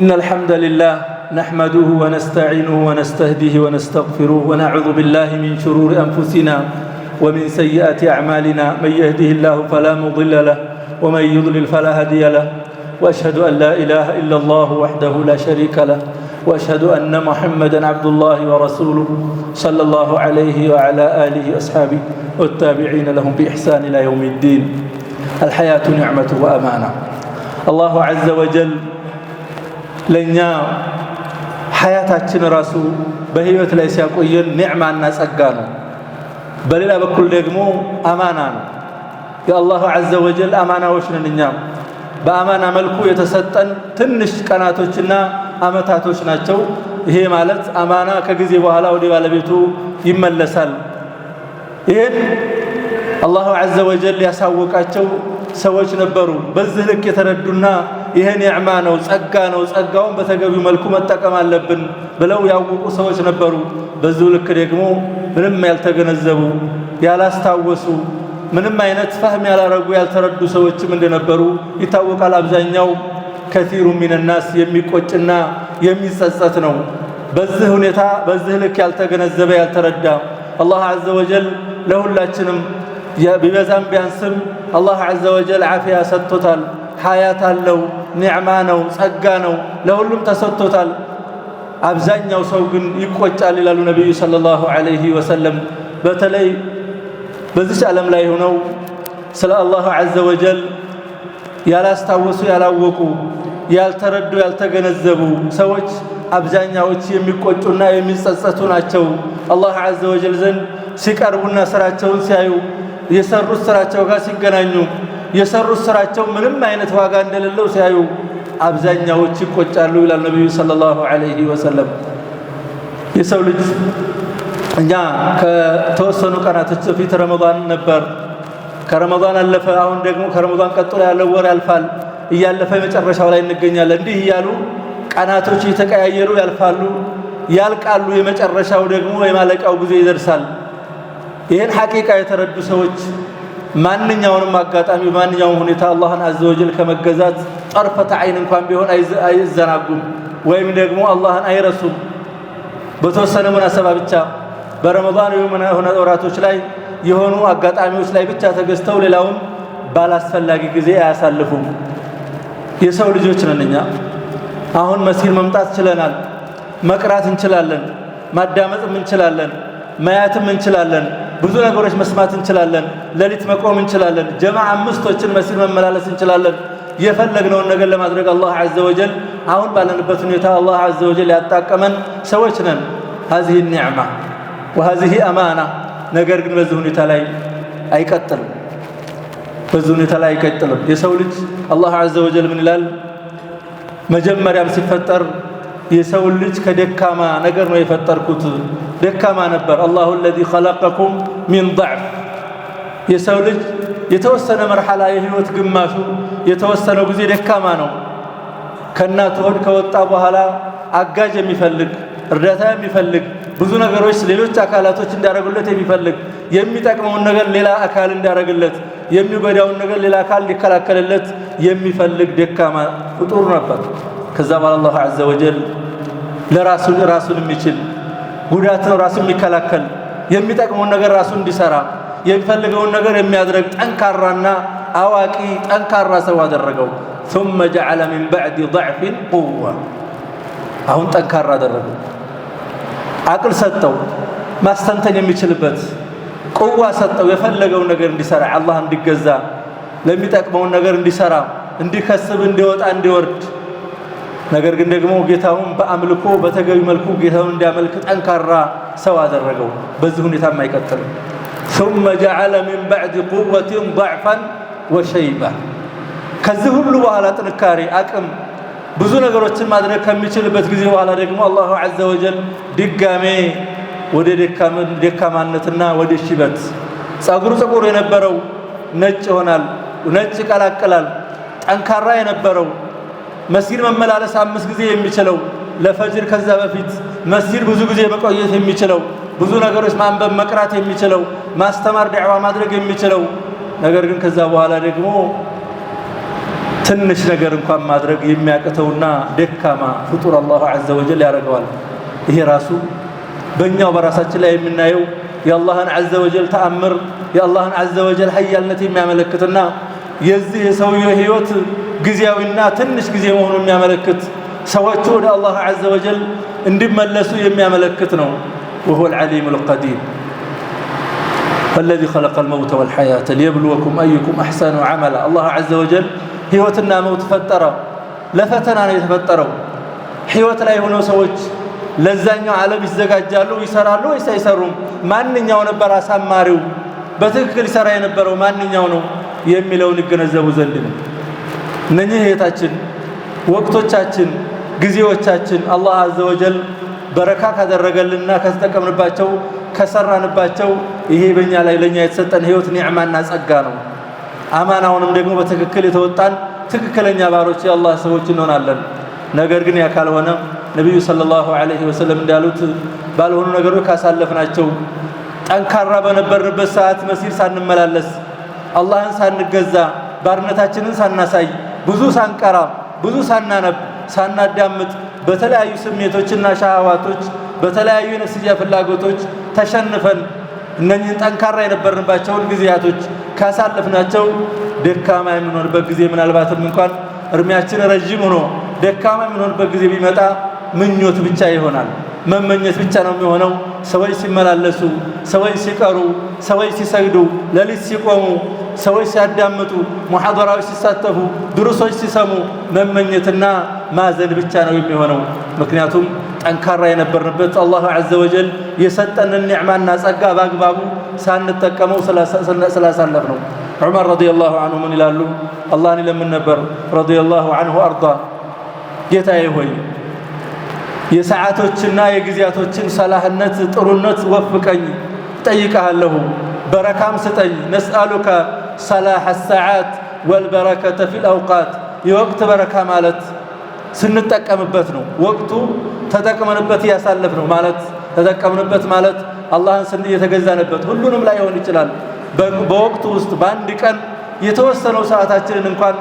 إن الحمد لله نحمده ونستعينه ونستهديه ونستغفره ونعوذ بالله من شرور أنفسنا ومن سيئات أعمالنا من يهده الله فلا مضل له ومن يضلل فلا هادي له وأشهد أن لا إله إلا الله وحده لا شريك له وأشهد أن محمدا عبد الله ورسوله صلى الله عليه وعلى آله وأصحابه والتابعين لهم بإحسان إلى يوم الدين الحياة نعمة وأمانة الله عز وجل ለእኛ ሀያታችን ራሱ በህይወት ላይ ሲያቆየን ኒዕማና ጸጋ ነው። በሌላ በኩል ደግሞ አማና ነው። የአላሁ ዐዘ ወጀል አማናዎች ነን። እኛም በአማና መልኩ የተሰጠን ትንሽ ቀናቶችና አመታቶች ናቸው። ይሄ ማለት አማና ከጊዜ በኋላ ወደ ባለቤቱ ይመለሳል። ይህን አላሁ ዐዘ ወጀል ያሳወቃቸው ሰዎች ነበሩ። በዚህ ልክ የተረዱና ይሄ ኒዕማ ነው፣ ጸጋ ነው። ጸጋውን በተገቢው መልኩ መጠቀም አለብን ብለው ያወቁ ሰዎች ነበሩ። በዚሁ ልክ ደግሞ ምንም ያልተገነዘቡ ያላስታወሱ ምንም አይነት ፋህም ያላረጉ ያልተረዱ ሰዎችም እንደነበሩ ይታወቃል። አብዛኛው ከቲሩ ሚነናስ የሚቆጭና የሚጸጸት ነው። በዚህ ሁኔታ በዚህ ልክ ያልተገነዘበ ያልተረዳ አላህ ዐዘ ወጀል ለሁላችንም ቢበዛም ቢያንስም አላህ ዐዘ ወጀል ዓፊያ ሰጥቶታል። ሀያት አለው። ኒዕማ ነው፣ ጸጋ ነው፣ ለሁሉም ተሰጥቶታል። አብዛኛው ሰው ግን ይቆጫል ይላሉ ነቢዩ ሰለላሁ ዐለይሂ ወሰለም። በተለይ በዚች ዓለም ላይ ሆነው ስለ አላሁ ዐዘ ወጀል ያላስታወሱ ያላወቁ ያልተረዱ ያልተገነዘቡ ሰዎች አብዛኛዎች የሚቆጩና የሚጸጸቱ ናቸው። አላህ ዐዘ ወጀል ዘንድ ሲቀርቡና ስራቸውን ሲያዩ የሰሩት ስራቸው ጋር ሲገናኙ የሰሩት ስራቸው ምንም አይነት ዋጋ እንደሌለው ሲያዩ አብዛኛዎች ይቆጫሉ ይላል ነቢዩ ሰለላሁ ዐለይሂ ወሰለም። የሰው ልጅ እኛ ከተወሰኑ ቀናቶች በፊት ረመዳን ነበር። ከረመዳን አለፈ። አሁን ደግሞ ከረመዳን ቀጥሎ ያለው ወር ያልፋል። እያለፈ የመጨረሻው ላይ እንገኛለን። እንዲህ እያሉ ቀናቶች እየተቀያየሩ ያልፋሉ፣ ያልቃሉ። የመጨረሻው ደግሞ የማለቂያው ጊዜ ይደርሳል። ይህን ሐቂቃ የተረዱ ሰዎች ማንኛውንም አጋጣሚ በማንኛውም ሁኔታ አላህን አዘወጀል ከመገዛት ጠርፈተ አይን እንኳን ቢሆን አይዘናጉም ወይም ደግሞ አላህን አይረሱም። በተወሰነ ሙናሰባ ብቻ በረመዳን የሆነ ወራቶች ላይ የሆኑ አጋጣሚዎች ላይ ብቻ ተገዝተው ሌላውን ባላስፈላጊ ጊዜ አያሳልፉም። የሰው ልጆች ነን እኛ። አሁን መሲል መምጣት ችለናል። መቅራት እንችላለን፣ ማዳመጥም እንችላለን፣ ማያትም እንችላለን። ብዙ ነገሮች መስማት እንችላለን። ሌሊት መቆም እንችላለን። ጀማ አምስቶችን መሲል መመላለስ እንችላለን። የፈለግነውን ነገር ለማድረግ አላህ ዐዘ ወጀል አሁን ባለንበት ሁኔታ አላህ ዐዘ ወጀል ያጣቀመን ሰዎች ነን። ሀዚህ ኒዕማ ወሀዚህ አማና። ነገር ግን በዚህ ሁኔታ ላይ አይቀጥልም። በዚህ ሁኔታ ላይ አይቀጥልም። የሰው ልጅ አላህ ዐዘ ወጀል ምን ይላል? መጀመሪያም ሲፈጠር የሰው ልጅ ከደካማ ነገር ነው የፈጠርኩት። ደካማ ነበር። አላሁ አለዚ ኸለቀኩም ሚን ضዕፍ። የሰው ልጅ የተወሰነ መርሐላ የህይወት ግማሹ የተወሰነው ጊዜ ደካማ ነው። ከእናት ሆድ ከወጣ በኋላ አጋዥ የሚፈልግ እርዳታ የሚፈልግ ብዙ ነገሮች ሌሎች አካላቶች እንዳደረጉለት የሚፈልግ የሚጠቅመውን ነገር ሌላ አካል እንዳደረግለት የሚጎዳውን ነገር ሌላ አካል ሊከላከልለት የሚፈልግ ደካማ ፍጡር ነበር። ከዛ በኋላ አላህ ዐዘ ወጀል ለራሱ ራሱን የሚችል ጉዳትን ራሱን የሚከላከል የሚጠቅመውን ነገር ራሱ እንዲሰራ የሚፈልገውን ነገር የሚያድረግ ጠንካራና አዋቂ ጠንካራ ሰው አደረገው። ثم جعل من بعد ضعف قوة አሁን ጠንካራ አደረገው። አቅል ሰጠው፣ ማስተንተን የሚችልበት ቁዋ ሰጠው። የፈለገውን ነገር እንዲሰራ አላህ እንዲገዛ፣ ለሚጠቅመውን ነገር እንዲሰራ፣ እንዲከስብ፣ እንዲወጣ፣ እንዲወርድ ነገር ግን ደግሞ ጌታውን በአምልኮ በተገቢ መልኩ ጌታውን እንዲያመልክ ጠንካራ ሰው አደረገው። በዚህ ሁኔታም አይቀጥልም። ثم جعل من بعد قوة ضعفا وشيبة ከዚህ ሁሉ በኋላ ጥንካሬ፣ አቅም፣ ብዙ ነገሮችን ማድረግ ከሚችልበት ጊዜ በኋላ ደግሞ አላሁ ዐዘ ወጀል ድጋሜ ወደ ደካማነትና ወደ ሽበት ጸጉሩ ጥቁር የነበረው ነጭ ይሆናል፣ ነጭ ይቀላቅላል። ጠንካራ የነበረው መስጊድ መመላለስ አምስት ጊዜ የሚችለው ለፈጅር ከዛ በፊት መስጊድ ብዙ ጊዜ መቆየት የሚችለው ብዙ ነገሮች ማንበብ መቅራት የሚችለው ማስተማር ዳዕዋ ማድረግ የሚችለው ነገር ግን ከዛ በኋላ ደግሞ ትንሽ ነገር እንኳን ማድረግ የሚያቅተውና ደካማ ፍጡር አላሁ ዐዘ ወጀል ያደርገዋል። ይሄ ራሱ በእኛው በራሳችን ላይ የምናየው የአላህን ዐዘ ወጀል ተአምር የአላህን ዐዘ ወጀል ሀያልነት የሚያመለክትና የዚህ የሰውየው ህይወት ጊዜያዊና ትንሽ ጊዜ መሆኑን የሚያመለክት ሰዎቹ ወደ አላህ ዐዘ ወጀል እንዲመለሱ የሚያመለክት ነው። ወሁወል ዐሊሙል ቀዲር አለዚ ኸለቀል መውተ ወል ሐያተ ሊየብልወኩም አዩኩም አሕሰኑ ዐመላ። አላህ ዐዘ ወጀል ሕይወትና መውት ፈጠረ። ለፈተና ነው የተፈጠረው። ሕይወት ላይ ሆነው ሰዎች ለዛኛው ዓለም ይዘጋጃሉ፣ ይሰራሉ ወይስ አይሰሩም? ማንኛው ነበር አሳማሪው? በትክክል ይሰራ የነበረው ማንኛው ነው የሚለውን ይገነዘቡ ዘንድ ነው። እነኚህ ህይወታችን፣ ወቅቶቻችን፣ ጊዜዎቻችን አላህ አዘወጀል በረካ ካደረገልንና ከተጠቀምንባቸው ከሰራንባቸው ይሄ በእኛ ላይ ለእኛ የተሰጠን ህይወት ኒዕማና ጸጋ ነው። አማናውንም ደግሞ በትክክል የተወጣን ትክክለኛ ባሮች የአላህ ሰዎች እንሆናለን። ነገር ግን ያ ካልሆነ ነቢዩ ሰለላሁ ዐለይሂ ወሰለም እንዳሉት ባልሆኑ ነገሮች ካሳለፍናቸው ጠንካራ በነበርንበት ሰዓት መሲር ሳንመላለስ አላህን ሳንገዛ ባርነታችንን ሳናሳይ ብዙ ሳንቀራ ብዙ ሳናነብ ሳናዳምጥ በተለያዩ ስሜቶችና ሻህዋቶች በተለያዩ የነፍስያ ፍላጎቶች ተሸንፈን እነኝህን ጠንካራ የነበርንባቸውን ጊዜያቶች ካሳለፍናቸው ደካማ የምንሆንበት ጊዜ ምናልባትም እንኳን እድሜያችን ረዥም ሆኖ ደካማ የምንሆንበት ጊዜ ቢመጣ ምኞት ብቻ ይሆናል፣ መመኘት ብቻ ነው የሚሆነው። ሰዎች ሲመላለሱ፣ ሰዎች ሲቀሩ፣ ሰዎች ሲሰግዱ፣ ሌሊት ሲቆሙ ሰዎች ሲያዳምጡ፣ ሙሐደራዎች ሲሳተፉ፣ ድሩሶች ሲሰሙ መመኘትና ማዘን ብቻ ነው የሚሆነው። ምክንያቱም ጠንካራ የነበርንበት አላሁ ዐዘ ወጀል የሰጠንን ኒዕማና ጸጋ በአግባቡ ሳንጠቀመው ስላሳለፍ ነው። ዑመር ረዲየላሁ አንሁ ምን ይላሉ? አላህን ይለምን ነበር ረዲየላሁ አንሁ አርዳ። ጌታዬ ሆይ የሰዓቶችና የጊዜያቶችን ሰላህነት ጥሩነት ወፍቀኝ፣ ጠይቀሃለሁ፣ በረካም ስጠኝ። ነስአሉከ ሰላሐ ሰዓት ወልበረከተ ፊል አውቃት የወቅት በረካ ማለት ስንጠቀምበት ነው። ወቅቱ ተጠቅመንበት እያሳለፍ ነው ማለት ተጠቀምንበት ማለት አላህን እየተገዛንበት ሁሉንም ላይ ይሆን ይችላል። በወቅቱ ውስጥ በአንድ ቀን የተወሰነው ሰዓታችንን እንኳን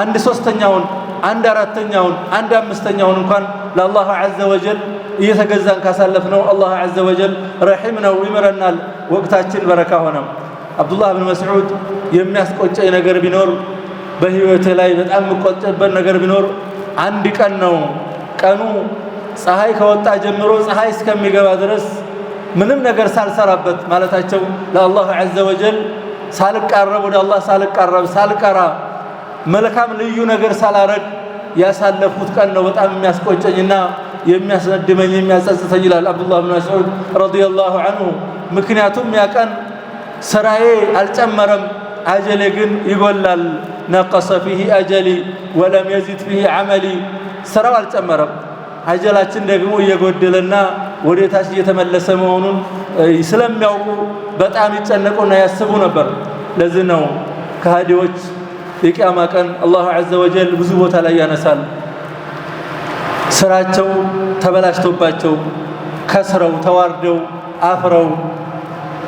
አንድ ሶስተኛውን፣ አንድ አራተኛውን፣ አንድ አምስተኛውን እንኳን ለአላህ ዐዘ ወጀል እየተገዛን ካሳለፍነው አላህ ዐዘ ወጀል ረሒም ነው፣ ይምረናል። ወቅታችን በረካ ሆነም አብዱላህ ብን መስዑድ የሚያስቆጨኝ ነገር ቢኖር በህይወቴ ላይ በጣም የምቆጨበት ነገር ቢኖር አንድ ቀን ነው። ቀኑ ፀሐይ ከወጣ ጀምሮ ፀሐይ እስከሚገባ ድረስ ምንም ነገር ሳልሰራበት ማለታቸው ለአላሁ ዐዘ ወጀል ሳልቃረብ ወደ አላህ ሳልቃረብ ሳልቀራ መልካም ልዩ ነገር ሳላረግ ያሳለፉት ቀን ነው በጣም የሚያስቆጨኝና የሚያስነድመኝ የሚያጸጽተኝ ይላል አብዱላህ ብን መስዑድ ረዲየላሁ ዐንሁ። ምክንያቱም ያ ቀን ስራዬ አልጨመረም፣ አጀሌ ግን ይጎላል። ነቀሰ ፊህ አጀሊ ወለም የዚድ ፊህ ዓመሊ። ስራው አልጨመረም፣ አጀላችን ደግሞ እየጎደለና ወደታች እየተመለሰ መሆኑን ስለሚያውቁ በጣም ይጨነቁና ያስቡ ነበር። ለዚህ ነው ከሃዲዎች የቅያማ ቀን አላሁ ዐዘ ወጀል ብዙ ቦታ ላይ ያነሳል። ስራቸው ተበላሽቶባቸው ከስረው ተዋርደው አፍረው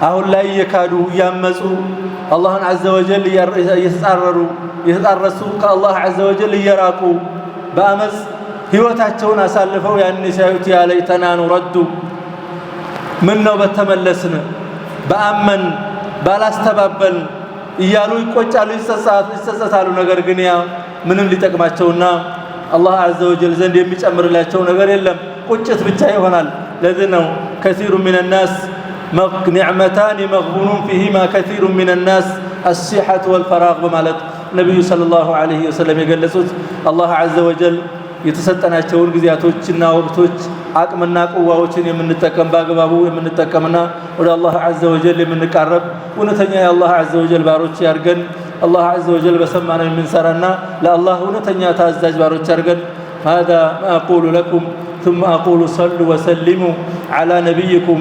አሁን ላይ እየካዱ እያመፁ አላህን አዘ ወጀል እየተጻረሩ እየተጣረሱ ከአላህ አዘ ወጀል እየራቁ በአመፅ ህይወታቸውን አሳልፈው ያን ሲያዩት ያለ ተናኑ ረዱ፣ ምን ነው በተመለስን በአመን ባላስተባበል እያሉ ይቆጫሉ፣ ይጸጸታሉ። ነገር ግን ያ ምንም ሊጠቅማቸውና አላህ አዘ ወጀል ዘንድ የሚጨምርላቸው ነገር የለም፣ ቁጭት ብቻ ይሆናል። ለዚህ ነው ከሲሩ ሚነናስ ኒዕመታን መግቡኑን ፊሂማ ከሩ ምን ናስ አሲሐት ወልፈራቅ በማለት ነቢዩ ሰለላሁ ዐለይሂ ወሰለም የገለጹት አላህ ዐዘ ወጀል የተሰጠናቸውን ጊዜያቶችና ወቅቶች አቅምና ቁዋዎችን የምንጠቀም በአግባቡ የምንጠቀምና ወደ አላህ ዐዘ ወጀል የምንቃረብ እውነተኛ የአላህ ዐዘ ወጀል ባሮች ያርገን አላህ ዐዘ ወጀል በሰማነው የምንሰራና ለአላህ እውነተኛ ታዛዥ ባሮች ያድርገን። ሃዛ ማ አቁሉ ለኩም ቱመ አቁሉ ሰሉ ወሰሊሙ ዐላ ነቢይኩም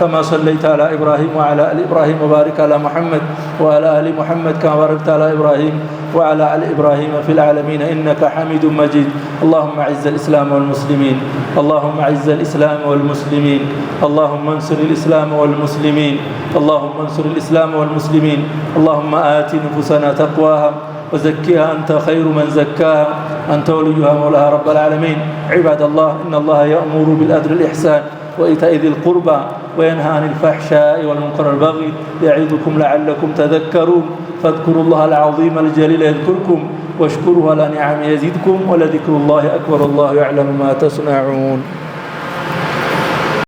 كما صليت على إبراهيم وعلى آل إبراهيم وبارك على محمد وعلى آل محمد كما باركت على إبراهيم وعلى آل إبراهيم في العالمين إنك حميد مجيد اللهم أعز الإسلام والمسلمين اللهم أعز الإسلام والمسلمين اللهم انصر الإسلام والمسلمين اللهم انصر الإسلام والمسلمين اللهم آت نفوسنا تقواها وزكها أنت خير من زكاها أنت وليها مولاها رب العالمين عباد الله إن الله يأمر بالأدر الإحسان وإيتاء ذي القربى وينهى عن الفحشاء والمنكر والبغي يعظكم لعلكم تذكرون فاذكروا الله العظيم الجليل يذكركم واشكروا على نعم يزدكم ولذكر الله أكبر الله يعلم ما تصنعون